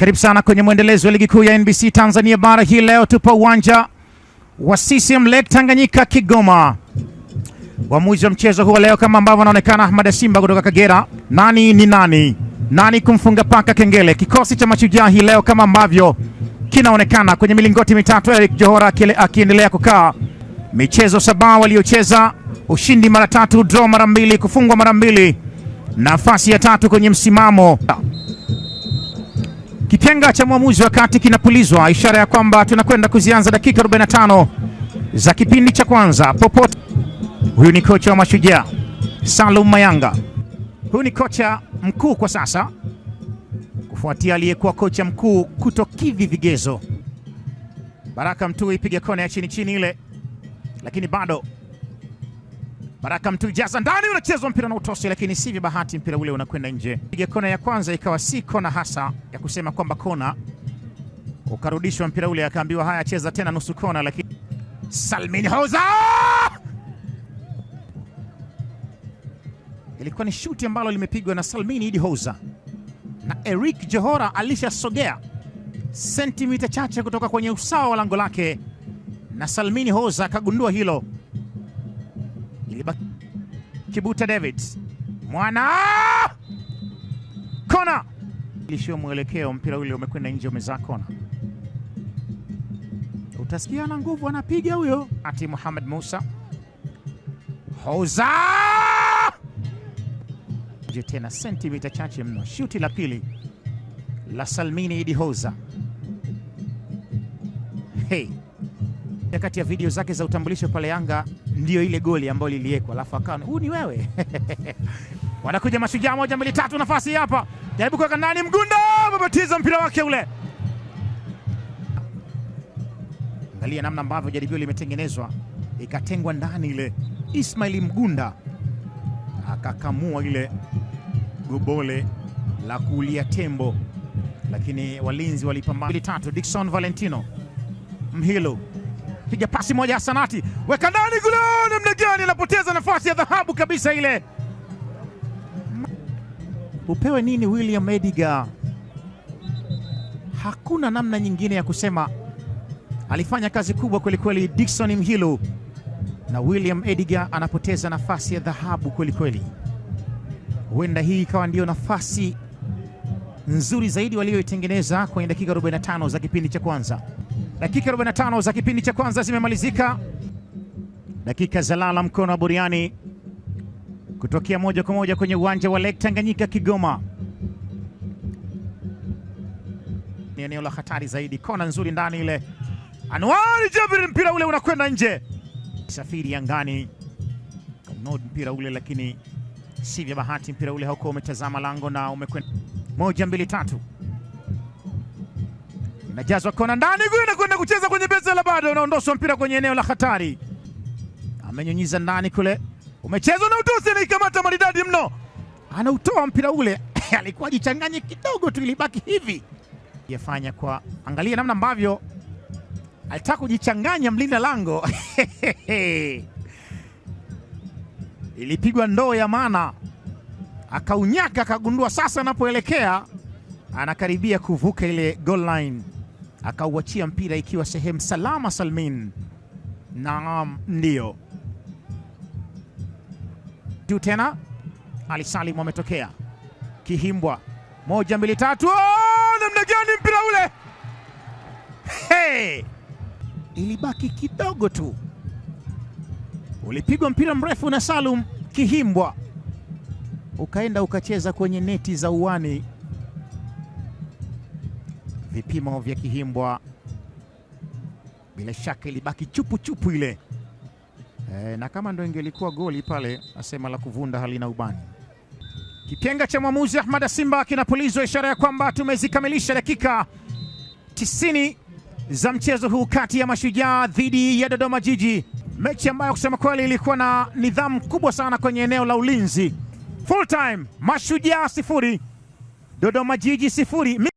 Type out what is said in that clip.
Karibu sana kwenye mwendelezo wa ligi kuu ya NBC Tanzania bara. Hii leo tupo uwanja wa CCM Lake Tanganyika Kigoma. Waamuzi wa mchezo huu leo kama ambavyo anaonekana Ahmad Simba kutoka Kagera. Nani ni nani? Nani kumfunga paka kengele? Kikosi cha mashujaa hii leo kama ambavyo kinaonekana kwenye milingoti mitatu, Eric Johora akiendelea kukaa. Michezo saba waliocheza, ushindi mara tatu, draw mara mbili, kufungwa mara mbili, nafasi ya tatu kwenye msimamo Kipenga cha mwamuzi wakati kinapulizwa, ishara ya kwamba tunakwenda kuzianza dakika 45 za kipindi cha kwanza. Popote huyu ni kocha wa Mashujaa Salum Mayanga, huyu ni kocha mkuu kwa sasa kufuatia aliyekuwa kocha mkuu kutokidhi vigezo. Baraka Mtui, piga kona ya chini chini ile, lakini bado Baraka jaza ndani, unachezwa mpira na utosi, lakini sivyo bahati, mpira ule unakwenda nje. Piga kona ya kwanza ikawa si kona hasa ya kusema kwamba kona, ukarudishwa mpira ule, akaambiwa haya, cheza tena nusu kona, lakini Salmin Hoza ilikuwa ni shuti ambalo limepigwa na Salmini Idi Hoza na Eric Johora alishasogea sentimita chache kutoka kwenye usawa wa lango lake, na salmini Hoza akagundua hilo mbili. Kibuta David mwana kona, ilishio mwelekeo mpira ule umekwenda nje, umezaa kona. Utasikia na nguvu, anapiga huyo ati Muhammad Musa hoza je tena sentimita chache mno. Shuti la pili la Salmini Idi Hoza. Hey kati ya video zake za utambulisho pale Yanga ndio ile goli ambayo liliwekwa, alafu akawa huu ni wewe wanakuja mashujaa, moja mbili tatu, nafasi hapa, jaribu kuweka ndani, Mgunda mabatiza mpira wake ule. Angalia namna ambavyo jaribio limetengenezwa, ikatengwa ndani ile. Ismail Mgunda akakamua ile gobole la kulia tembo, lakini walinzi walipambana. Tatu Dickson Valentino Mhilo piga pasi moja ya Sanati, weka ndani kule. Namna gani anapoteza nafasi ya dhahabu kabisa ile. Upewe nini William Ediga? Hakuna namna nyingine ya kusema, alifanya kazi kubwa kwelikweli Dickson Mhilu, na William Ediga anapoteza nafasi ya dhahabu kwelikweli. Huenda hii ikawa ndiyo nafasi nzuri zaidi walioitengeneza kwenye dakika 45 za kipindi cha kwanza. Dakika 45 za kipindi cha kwanza zimemalizika, dakika za lala mkono wa buriani kutokea moja kwa moja kwenye uwanja wa Lake Tanganyika Kigoma. Ni eneo la hatari zaidi, kona nzuri ndani ile, Anwar Jabir, mpira ule unakwenda nje, safiri angani, mpira ule lakini si vya bahati, mpira ule haukuwa umetazama lango na umekwenda moja mbili tatu, inajazwa kona ndani, nakwenda kucheza kwenye beza la bado, unaondoshwa mpira kwenye eneo la hatari, amenyunyiza ndani kule, umechezwa na Utusi, anaikamata maridadi mno, anautoa mpira ule alikuwa jichanganye kidogo tu, ilibaki hivi yafanya kwa, angalia namna ambavyo alitaka kujichanganya mlinda lango ilipigwa ndoo ya maana akaunyaka, akagundua sasa anapoelekea anakaribia kuvuka ile goal line, akauachia mpira ikiwa sehemu salama salmin. Naam, ndio juu tena. Ali Salim ametokea kihimbwa, moja mbili tatu. Oh, namna gani mpira ule! Hey, ilibaki kidogo tu, ulipigwa mpira mrefu na Salum Kihimbwa ukaenda ukacheza kwenye neti za uwani. Vipimo vya Kihimbwa bila shaka ilibaki chupu chupu ile e, na kama ndo ingelikuwa goli pale, asema la kuvunda halina ubani. Kipenga cha mwamuzi Ahmada Simba kinapulizwa, ishara ya kwamba tumezikamilisha dakika 90 za mchezo huu kati ya Mashujaa dhidi ya Dodoma Jiji, mechi ambayo kusema kweli ilikuwa na nidhamu kubwa sana kwenye eneo la ulinzi. Full time Mashujaa sifuri Dodoma Jiji sifuri.